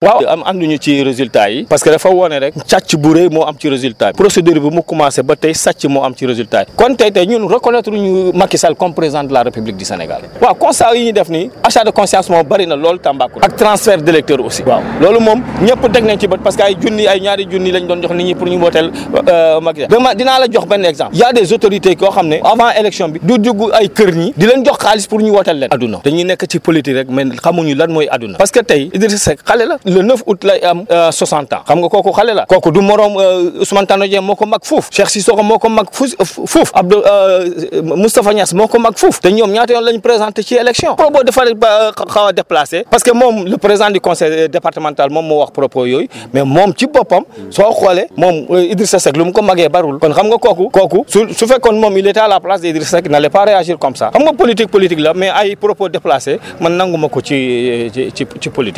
waaw am ànduñu ci résultat yi parce que dafa wone rek càcc bu rëy moo am ci résultat bi procédure bi mu commencé ba tey sàcc moo am ci résultat yi kon tey tey ñun reconnaître ñu Macky Sall comme président de la République du Sénégal waaw constat yi ñu def nii achat de conscience moom bëri na loolu Tambacounda ak transfert d'électeurs aussi waaw loolu moom ñëpp teg nañ ci bët parce que ay junni ay ñaari junni lañ doon jox nit ñu wooteel euh, Macky Sall la jox benn koo xam ne avant élection bi du di leen jox xaalis pour ñu wooteel leen aduna dañuy nekk ci politique rek mais xamuñu parce que tey Idrissa Seck le 9 août lay am 60 euh, ans xam nga kooku xale la kooku du morom euh, Ousmane Tanor moo ko mag fuuf Cheikh Sissoko moo ko mag euh, fuuf Abdou Moustapha Niass moo ko mag fuuf te ñoom ñaata yoon lañ présenté ci élection propos dafa xaw a parce que moom le président du conseil départemental moom moo wax propos yooyu mais moom ci boppam soo xoolee moom Idrissa Seck lu mu ko magee barul kon xam nga kooku kooku su su moom il était à la place d'Idrissa Seck n'allait pas ko ci ci